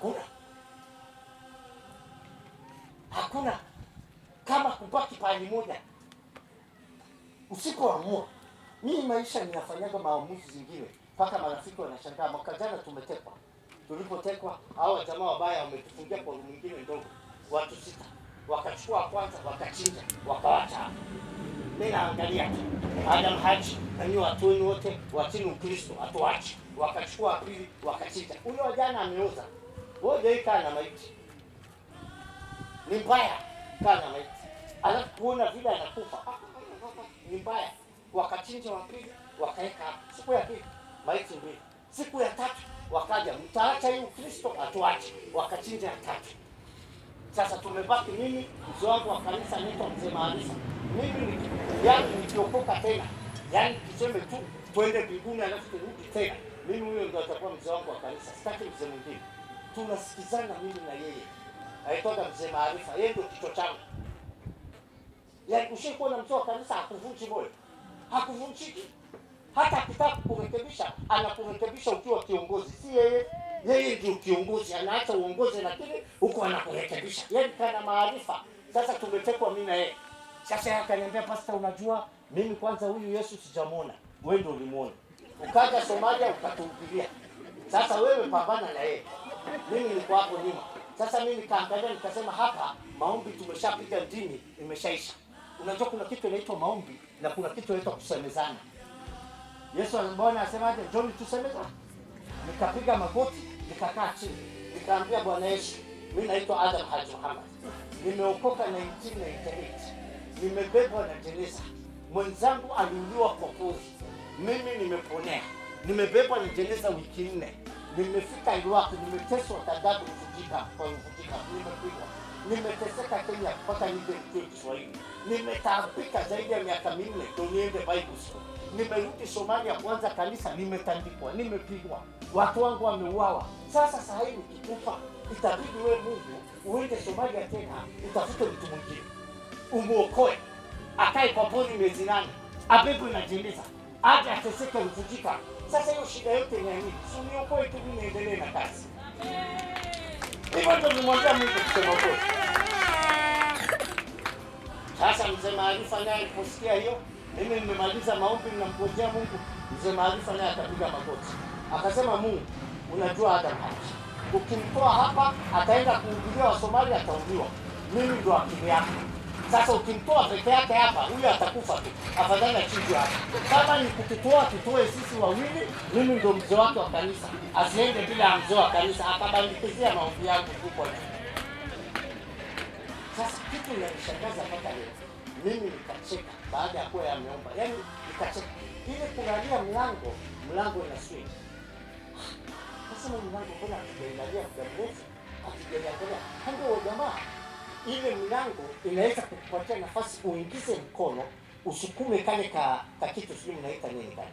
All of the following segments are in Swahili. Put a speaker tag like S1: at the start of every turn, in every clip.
S1: Hakuna, hakuna kama kubaki pahali moja. Usipoamua, mimi maisha ninafanyaga maamuzi zingine mpaka marafiki wanashangaa. Mwaka jana tumetekwa, tulipotekwa hawa jamaa wabaya wametufungia kwa mwingine ndogo, watu sita, wakachukua kwanza, wakachinja, wakawacha. Mimi naangalia tu Adam Haji na nyinyi watu wenu wote watini Ukristo, atuache Wakachukua pili, wakachinja. Ule wajana ameoza wewe hujai kaa na maiti, ni mbaya kaa na maiti, alafu kuona vile anakufa ni mbaya. Wakachinja wa pili, wakaeka Siku ya pili maiti mbili, siku ya tatu wakaja, mtaacha hii Ukristo? Atuache, wakachinja ya tatu. Sasa tumebaki mimi, mzee wangu wa kanisa naitwa mzee Maarisa. Mimi yani nikiokoka tena, yani kiseme tu twende mbinguni alafu turudi tena, mimi huyo ndio atakuwa mzee wangu wa kanisa. Sitaki mzee mwingine tunasikizana mimi na yeye, aitoka mzee Maarifa, yeye ndio kichwa changu. Yaani ushikuwa na mtu wa kanisa hakuvunji moyo, hakuvunjiki hata akitaka kukurekebisha anakurekebisha ukiwa kiongozi, si yeye. Yeye ndio kiongozi, anaacha uongozi, lakini huko anakurekebisha. Yaani kana maarifa. Sasa tumetekwa mimi na yeye. Sasa yeye akaniambia, Pastor, unajua mimi kwanza huyu Yesu sijamuona, wewe ndio ulimuona, ukaja Somalia ukatuhubiria. Sasa wewe pambana na yeye mimi niko hapo nyuma. Sasa mimi nikaangalia nikasema, hapa maombi tumeshapiga dini imeshaisha. Unajua kuna kitu inaitwa maombi na kuna kitu inaitwa kusemezana. Yesu Bwana asemaje? Njoni tusemezane. Nikapiga magoti, nikakaa chini, nikaambia Bwana Yesu, mimi naitwa Adam Haji Muhammad, nimeokoka 1998 nimebebwa na jeneza, mwenzangu aliuliwa kwa pori, mimi nimeponea, nimebebwa na jeneza wiki nne nimefika Iraq, nimeteswa Dadaab kuvunjika kwa kuvunjika, nimepigwa, nimeteseka Kenya mpaka nije nijue Kiswahili, nimetaabika zaidi ya miaka minne ndio niende Bible school. Nimerudi Somalia kwanza kanisa, nimetandikwa, nimepigwa, watu wangu wameuawa. Sasa saa hii nikikufa, itabidi wewe Mungu uende Somalia tena utafute mtu mwingine umuokoe, akae kwa pori miezi nane, abebu na jiliza, aje ateseke sasa hiyo shida yote ni nini? Uniokoe tu mimi niendelee na kazi. Hivyo ndio nimwambia Mungu kusema kweli. Sasa mzee maarifa naye aliposikia hiyo, mimi nimemaliza maombi ninamgojea Mungu. Mzee maarifa naye akapiga magoti. Akasema Mungu, unajua Adam hapa. Ukimtoa hapa ataenda wa Wasomali atauliwa. Mimi ndo akili yako. Sasa ukimtoa peke yake hapa, huyu atakufa tu, afadhali achinjwe hapa. Kama ni kututoa, tutoe sisi wawili, mimi ndio mzee wake wa kanisa, asiende bila mzee wa kanisa akabandikizia maombi yangu kubwa. Sasa kitu inanishangaza mpaka leo, mimi nikacheka baada ya kuwa yameomba, yaani nikacheka ile kunalia mlango, mlango na swing sasa mlango, mbona hatujailalia muda mrefu, hatujaangalia kando wa jamaa ile milango inaweza kukupatia nafasi uingize mkono usukume kale ka, ka kitu sijui mnaita nini kale.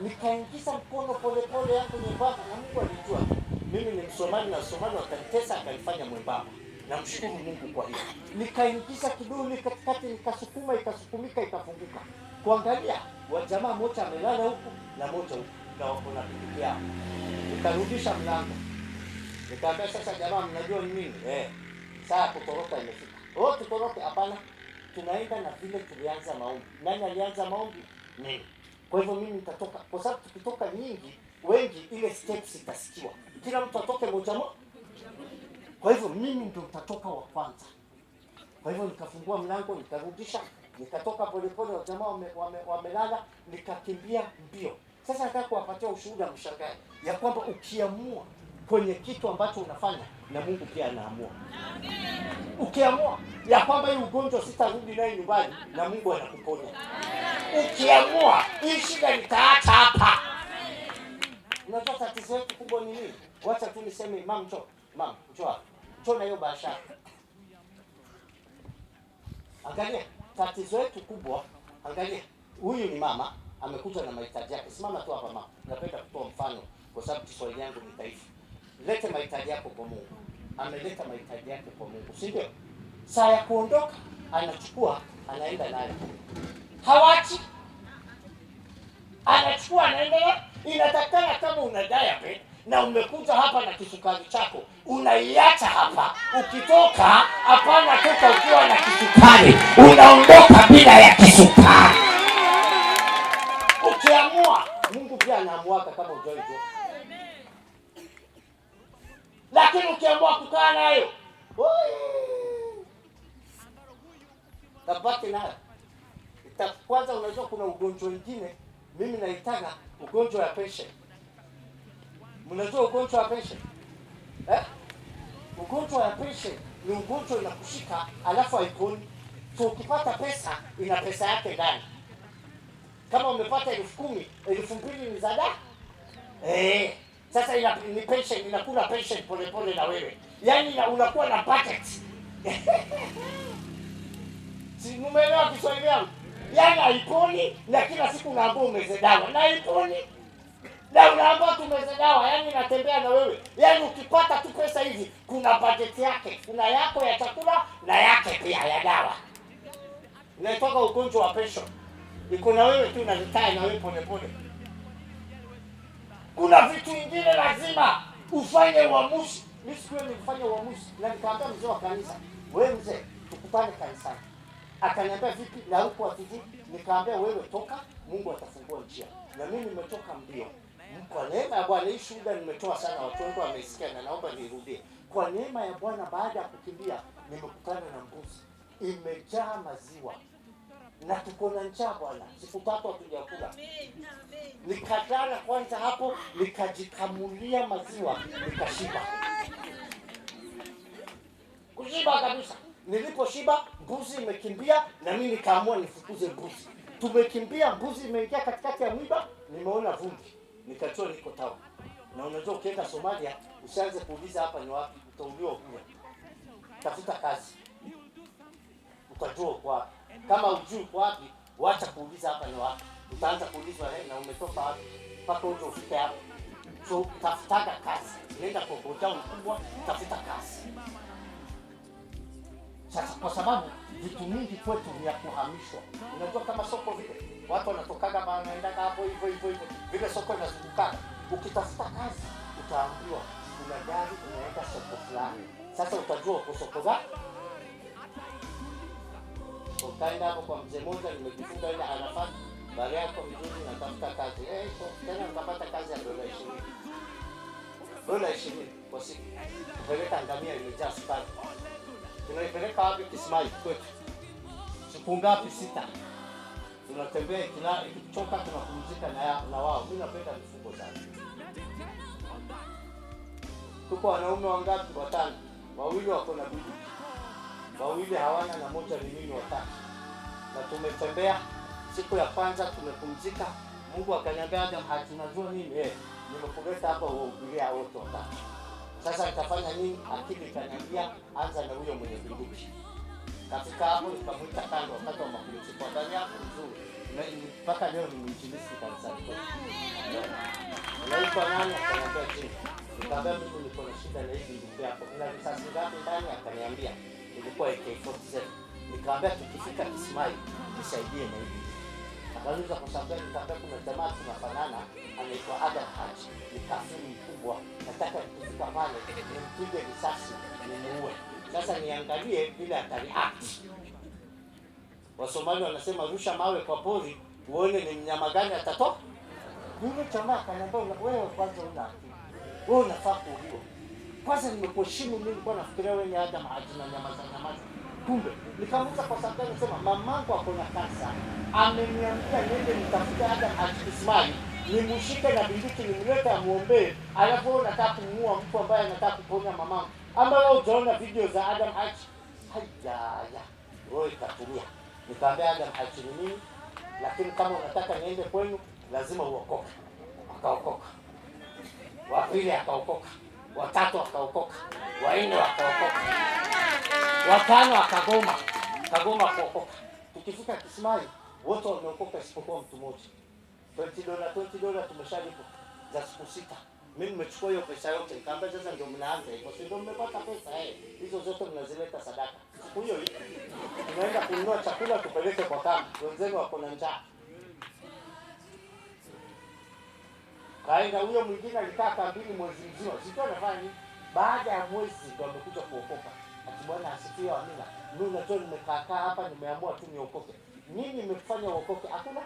S1: Nikaingiza mkono pole pole yangu nyembamba, na Mungu alijua mimi ni Msomali na Msomali wakanitesa, akalifanya mwembamba. Namshukuru Mungu kwa hiyo. Nikaingiza kidole katikati, nikasukuma, ikasukumika, ikafunguka. Kuangalia wajamaa, moja amelala huku na moja huku na wako na pikipiki yao. Nikarudisha mlango, nikaambia sasa, jamaa, mnajua nini eh? saa kukoroka imefika. Oh, tukoroke? Hapana, tunaenda na vile tulianza maombi. Nani alianza maombi? Mimi. Kwa hivyo mimi nitatoka, kwa sababu tukitoka nyingi wengi, ile steps itasikiwa, kila mtu atoke moja moja. Kwa hivyo mimi ndio nitatoka wa kwanza. Kwa hivyo nikafungua mlango, nikarudisha, nikatoka polepole, wajamaa wamelala, nikakimbia mbio. Sasa nataka kuwapatia ushuhuda mshangae ya kwamba ukiamua kwenye kitu ambacho unafanya, na Mungu pia anaamua. Ukiamua ya kwamba hii ugonjwa sitarudi naye nyumbani, na Mungu anakuponya. Ukiamua hii shida nitaacha hapa. Unajua tatizo letu kubwa ni nini? Wacha tu niseme, mam cho mam cho cho na hiyo biashara. Angalia tatizo letu kubwa, angalia huyu ni mama amekuja na mahitaji yake. Simama tu hapa mama, napenda kutoa mfano kwa sababu Kiswahili yangu ni dhaifu lete mahitaji yako kwa Mungu. Ameleta mahitaji yake kwa Mungu, si ndio? Saa ya kuondoka anachukua anaenda naye hawachi, anachukua anaenda. Inatakana kama una diabetes na umekuja hapa na kisukari chako unaiacha hapa, ukitoka hapana, toka ukiwa na kisukari, unaondoka bila ya kisukari. Ukiamua, Mungu pia anaamuaka kama ujaijua lakini ukiamua kukaa nayo tabaki nayo kwanza. Unajua kuna ugonjwa wengine mimi naitaga ugonjwa ya peshe. Mnajua ugonjwa wa peshe eh? Ugonjwa ya peshe ni ugonjwa inakushika, alafu haiponi. So ukipata pesa, ina pesa yake ndani. Kama umepata elfu kumi elfu mbili ni zada eh. Sasa ina, ni patient inakula patient pole na wewe, yaani unakuwa na packet si mumeelewa Kiswahili yangu? Yaani haiponi na kila siku unaambia umeze dawa na haiponi na unaambiwa tumeze dawa, yaani natembea na wewe, yaani ukipata tu pesa hivi, kuna budget yake, kuna yako ya chakula na yake pia ya dawa. Unaitoka ugonjwa wa pesho iko na wewe tu, na retire na wewe pole pole kuna vitu vingine lazima ufanye uamuzi. Mimi siku ile uamuzi na nikaambia mzee wa kanisa, wewe mzee, tukutane kanisani. Akaniambia vipi na huko atiji? Nikaambia wewe toka, Mungu atafungua njia. Na mimi nimetoka mbio. Kwa neema ya Bwana, hii shuhuda nimetoa sana, watu wengi wameisikia, na naomba nirudie. Kwa neema ya Bwana, baada ya kukimbia nimekutana na mbuzi imejaa maziwa na tuko na njaa Bwana, sikupatwa tujakula, nikatana kwanza hapo, nikajikamulia maziwa nikashiba, kushiba kabisa. Niliposhiba mbuzi imekimbia, na mimi nikaamua nifukuze mbuzi. Tumekimbia, mbuzi imeingia katikati ya mwiba, nimeona vumbi, nikajua niko tawa. Na unajua ukienda Somalia usianze kuuliza hapa ni wapi, utauliwa kule. Tafuta kazi utajua kwa wapi. Kama ujui kwa wapi, wacha kuuliza hapa ni wapi. Utaanza kuulizwa leo na umetoka wapi? Mpaka uje ufike hapo. So tafutaga kazi. Nenda kwa boda mkubwa, tafuta kazi. Sasa kwa sababu vitu mingi kwetu ya kuhamishwa. Unajua kama soko vile watu wanatokaga wanaendaga hapo hivyo hivyo hivyo. Vile soko inazungukaga. Ukitafuta kazi utaambiwa kuna gari soko fulani. Sasa utajua uko soko gani? ukaenda hapo kwa mzee mmoja, nimejifunza ile anafanya bari yako vizuri, natafuta kazi eh, tena nikapata kazi ya dola ishirini dola ishirini kwa siku, kupeleka ngamia imejaa sukari. Tunaipeleka wapi? Kismayu kwetu, siku ngapi? Sita. Tunatembea ikichoka, tunapumzika na na wao. Mimi napenda mifugo sana. Tuko wanaume wangapi? Watano, wawili wako na bibi wawili hawana na moja ni mimi watatu, na tumetembea. Siku ya kwanza tumepumzika, Mungu akaniambia Adam, hatunajua nini eh, nimekuleta hapa uwahubiria wote watatu. Sasa nitafanya nini? Akili ikaniambia anza na huyo mwenye bunduki. Katika hapo nikamwita kando, wakati wa mapumziko, ndani yako nzuri mpaka leo ni mwinjilisti kanisani kwetu. Naitwa nani? Akaniambia Jim. Nikaambia Mungu, niko na shida na hizi ndugu yako, ina visasi ngapi ndani? Akaniambia ilikuwa AK47. Nikamwambia tukifika Kismayo nisaidie na hivi. Akaniuliza kwa sababu gani? Nikamwambia kuna jamaa tunafanana anaitwa Adam Haj, ni kafiri mkubwa, nataka kufika pale nimpige risasi nimuue. Sasa niangalie vile atariact. Wasomali wanasema rusha mawe kwa pori uone ni mnyama gani atatoka. Yule jamaa akaniambia, wewe kwanza una wewe unafaa kuuliwa kwanza nimekuheshimu mimi, nilikuwa nafikiria wewe ni Adam ajina nyamaza nyamaza. Kumbe nikamuuliza kwa sababu nasema sema mamangu ako na kansa, ameniambia niende nitafute Adam Ismail nimshike na bindiki nimlete amuombee, alafu wewe unataka kumuua mtu ambaye anataka kuponya mamangu, ambaye ujaona video za Adam Haji. ya. wewe katulia. Nikaambia Adam Haji ni nini, lakini kama unataka niende kwenu lazima uokoke. Akaokoka, wa pili akaokoka watatu wakaokoka, wanne wakaokoka, watano akagoma kagoma kuokoka. Tukifika Kisimani wote wameokoka isipokuwa mtu mmoja. 20 dola 20 dola tumeshalipa za siku sita. Mimi nimechukua hiyo pesa yote, nikaambia sasa ndio mnaanza hivyo, si ndio mmepata pesa eh? Hizo zote mnazileta sadaka. Siku hiyo tunaenda kununua chakula tupeleke kwa kama wenzenu wako na njaa. kaenda huyo mwingine alikaa kambini mwezi mzima, sio nafanya. Baada ya mwezi ndo amekuja kuokoka, ati bwana asifiwe, amina. Mi unajua nimekaakaa hapa, nimeamua tu niokoke. Nini nimekufanya uokoke? Hakuna.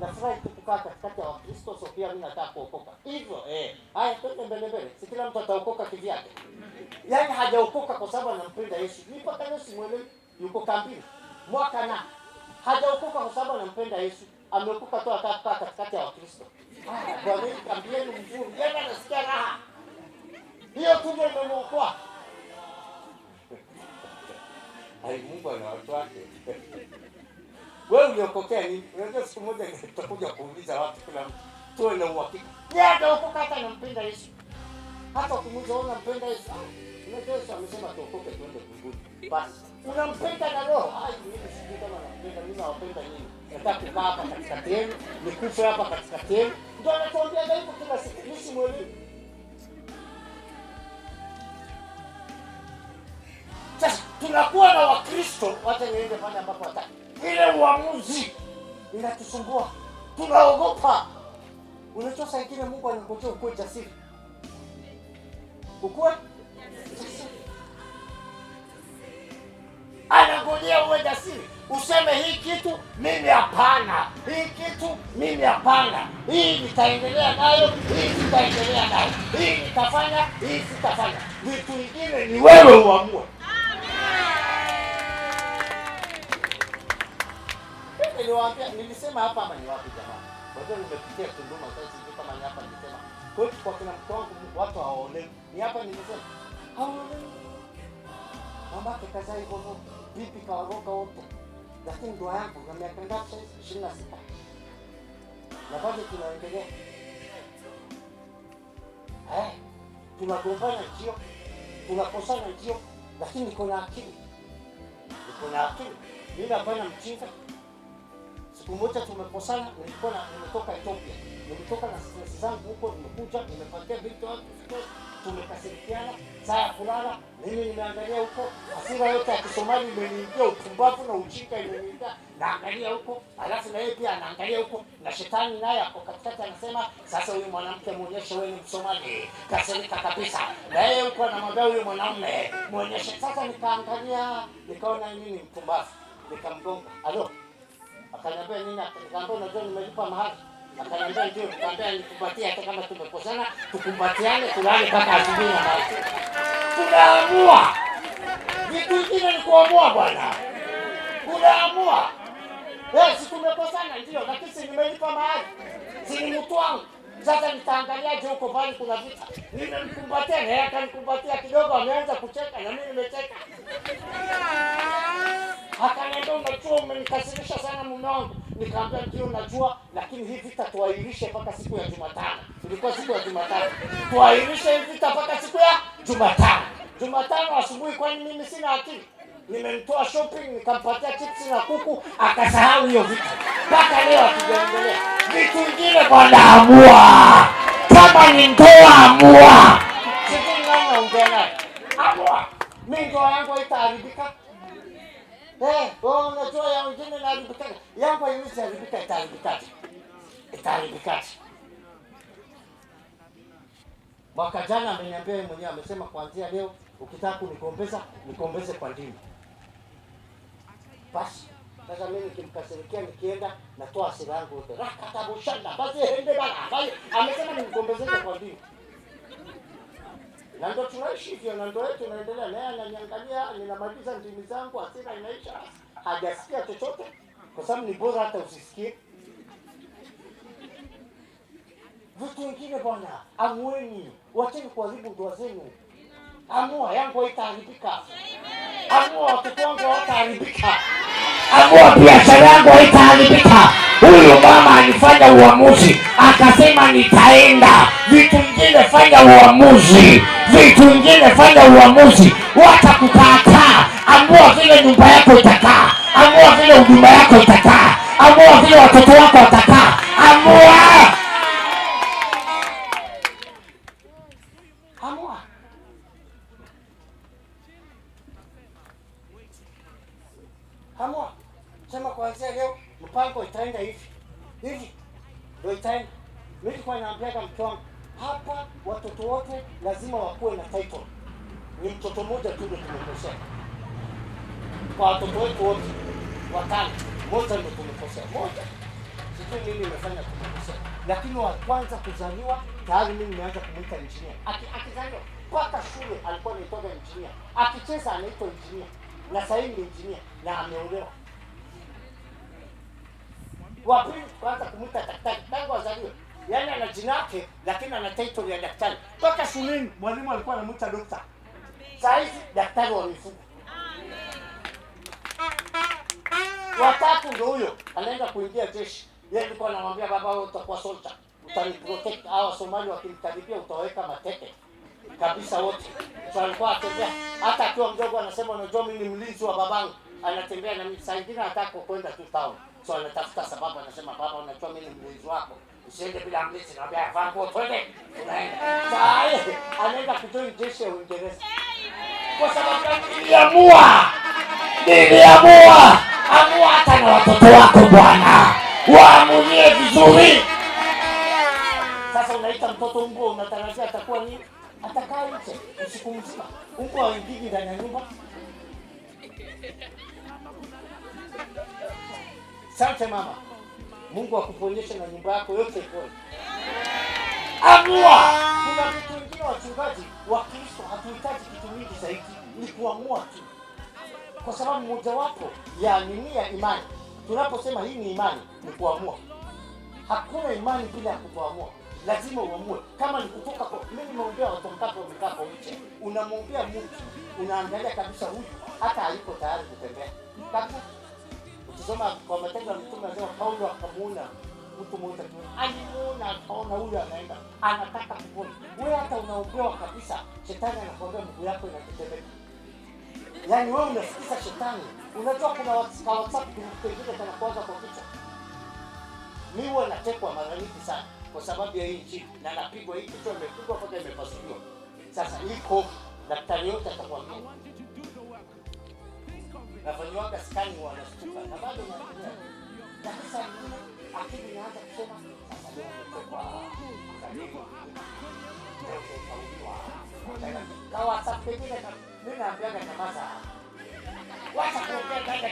S1: Nafurahi tu kukaa katikati ya Wakristo, so pia mimi nataka kuokoka hivyo. Eh, haya twende mbele mbele, si kila mtu ataokoka kivyake. Yaani hajaokoka kwa sababu anampenda Yesu, ni mpaka Yesu mwelewi, yuko kambini mwaka na hajaokoka kwa sababu anampenda Yesu, ameokoka tu akakaa katikati ya Wakristo. ni mzuri, yeye anasikia raha, hiyo tumbo imemwokoa. Ai, Mungu ana watu wake. Wewe uliokokea nini? Unajua siku moja nitakuja kuuliza watu, kuna mtu tuwe na uhakika. Yeye hajaokoka hata anampenda Yesu, hata kumuuliza unampenda Yesu Yesu amesema tuokoke tuende mbinguni. Basi unampenda na roho? Ai, mimi sijui kama nampenda, mimi nawapenda nyinyi. Nataka kukaa hapa katikati yenu, nikufe hapa katikati yenu. Ndio anatuambia hivyo kila siku. Mimi simwelewi. Sasa tunakuwa na Wakristo wacha niende pale ambapo wataki. Ile uamuzi inatusumbua. Tunaogopa. Unatoa saa ingine Mungu anangojea ukuwe jasiri. Ukuwe kulia, uwe jasiri, useme hii kitu mimi hapana, hii kitu mimi hapana, hii nitaendelea nayo, hii sitaendelea nayo, hii nitafanya, hii sitafanya. Vitu vingine ni wewe uamue. nilisema hapa ama ni wapi jamani? Wajua nimepitia Tunduma Kwa hiyo kwa kina mtu wangu watu hawaolewi. Ni hapa nilisema. Hawaolewi. Mamake kazaa hivyo hivyo vipi kaongoka huko, lakini ndoa yako na miaka ngapi? ishirini na sita na bado tunaendelea eh, tunagombana njio, tunakosana njio, lakini niko na akili, niko na akili, mimi hapana mjinga siku moja tumekosana, nilikuwa na nimetoka Ethiopia, nimetoka na stress zangu huko, nimekuja nimepatia vitu watu stress, tumekasirikiana saa ya kulala, mimi nimeangalia huko, asira yote ya Kisomali imeniingia, utumbavu na ujinga imeniingia, naangalia huko, alafu na yeye pia anaangalia huko, na shetani naye ako katikati, anasema sasa, huyu mwanamke muonyeshe wewe ni Msomali, kasirika kabisa, na yeye huko anamwambia huyu mwanamume muonyeshe. Sasa nikaangalia, nikaona nini, mpumbavu, nikamgonga alo Akaniambia nini? Akaniambia unajua nimelipa mahali. Akaniambia ndio, nikamwambia nikupatie hata kama tumekosana, tukumbatiane tulale mpaka asubuhi na basi. Tunaamua. Vitu vingine ni kuamua bwana. Unaamua. Eh, si tumekosana ndio, lakini si nimelipa mahali. Si ni mtu wangu. Sasa nitaangaliaje huko bali kuna vita. Nimemkumbatia na yeye akanikumbatia kidogo, ameanza kucheka na mimi nimecheka. Akaniambia unajua, umenikasirisha sana mume wangu. Nikamwambia ndio najua, lakini hii vita tuahirishe mpaka siku ya Jumatano. Ilikuwa siku ya Jumatano. Tuahirishe hii vita mpaka siku ya Jumatano. Jumatano asubuhi, kwani mimi sina akili? nimemtoa shopping nikampatia chipsi na kuku, akasahau hiyo vitu mpaka leo akijaendelea vitu vingine kwa daamua kama ni ndoa amua sikunaongea amua mi ndoa yangu haitaharibika. Eh, ya wengine inaharibika, yangu haiwezi haribika. Itaharibikaje? Itaharibikaje? Mwaka jana ameniambia mwenyewe, amesema kuanzia leo ukitaka kunikombeza nikombeze kwa ndimi basi sasa mimi nikimkasirikia nikienda natoa asira yangu yote. Rakatabu shanda basi ende bana. Bali amesema ni nimgombezeke kwa dini Na ndo tunaishi hivyo na ndo yetu inaendelea naye ananiangalia ninamaliza ndimi zangu asira inaisha. Hajasikia chochote kwa sababu ni bora hata usisikie. vitu wengine bwana, amueni, wacheni kuharibu ndoa zenu. Amua yangu haitaharibika. Amua
S2: watoto wangu hawataharibika
S1: amua biashara yangu haitaharibika. Huyo mama alifanya uamuzi akasema, nitaenda. Vitu vingine fanya uamuzi, vitu vingine fanya uamuzi. Wacha kukaakaa, amua vile nyumba yako itakaa, amua vile huduma yako itakaa, amua vile watoto wako watakaa, amua mpango itaenda hivi hivi, ndio itaenda. Nilikuwa naambiaga mke wangu hapa, watoto wote lazima wakuwe na title. Ni mtoto mmoja tu ndio tumekosea kwa watoto wetu wote watano, moja ndio tumekosea, moja sijui mimi nimefanya tumekosea, lakini wa kwanza kuzaliwa tayari mimi nimeanza kumwita injinia. Akizaliwa mpaka shule alikuwa anaitwaga injinia, akicheza anaitwa injinia, na sasa hivi ni injinia na ameolewa wa pili kwanza kumuita daktari tangu azaliwe. Yaani ana jina yake lakini ana title ya daktari. Toka shuleni mwalimu alikuwa anamuita dokta. Saa hizi daktari wa mifugo. Watatu ndio huyo anaenda kuingia jeshi. Yeye alikuwa anamwambia baba wewe utakuwa soldier. Utani protect hawa Somali wakimkaribia utaweka mateke kabisa wote. So alikuwa atembea hata akiwa mdogo anasema unajua mimi ni mlinzi wa babangu. Anatembea na mimi saa ingine hataka kwenda tu town. So anatafuta sababu, anasema baba, unajua mimi ni mlinzi wako, usiende bila mlinzi. Naambia vaa nguo, twende, unaenda sai. Anaenda kutoa jeshi ya Uingereza kwa sababu niliamua, niliamua. Amua hata na watoto wako bwana, waamulie vizuri. Sasa unaita mtoto mbwa, unatarajia atakuwa nini? Atakaa nje usiku mzima, mbwa haingii ndani ya nyumba Asante mama, Mungu akuponyeshe na nyumba yako yote ipone. Amua. Kuna watu wengine wachungaji wa Kristo hatuhitaji kitu mingi zaidi, ni kuamua tu, kwa sababu mojawapo ya nini ya imani. Tunaposema hii ni imani, ni kuamua. Hakuna imani bila ya kuamua, lazima uamue. Kama ni kutoka kwa mimi, nimeombea watu mtaka wamekaa nje, unamwombea mtu, unaangalia kabisa huyu hata hayuko tayari kutembea kabisa Tusoma kwa Matendo ya mtume anasema Paulo akamuona mtu mmoja tu. Alimuona akaona huyu anaenda. Anataka kupona. Wewe hata unaombewa kabisa, shetani anakuambia mguu yako inatetemeka. Yaani wewe unasikiza shetani. Unajua kuna WhatsApp kumpeleka kana kwanza kwa kichwa. Mimi huwa natekwa mara nyingi sana kwa sababu ya hii nchi na napigwa hii kichwa imepigwa mpaka imepasuliwa. Sasa iko daktari yote atakwambia skani na bado naendelea akili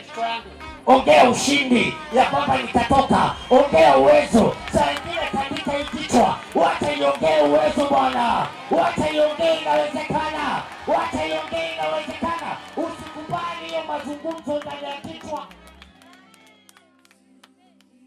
S1: kusema ongea ushindi ya kwamba nitatoka, ongea uwezo. Saa ingine katika hii kichwa, wacha iongee uwezo Bwana, wacha iongee inawezekana, wacha iongee inawezekana คุณมงคลไทยแลนด์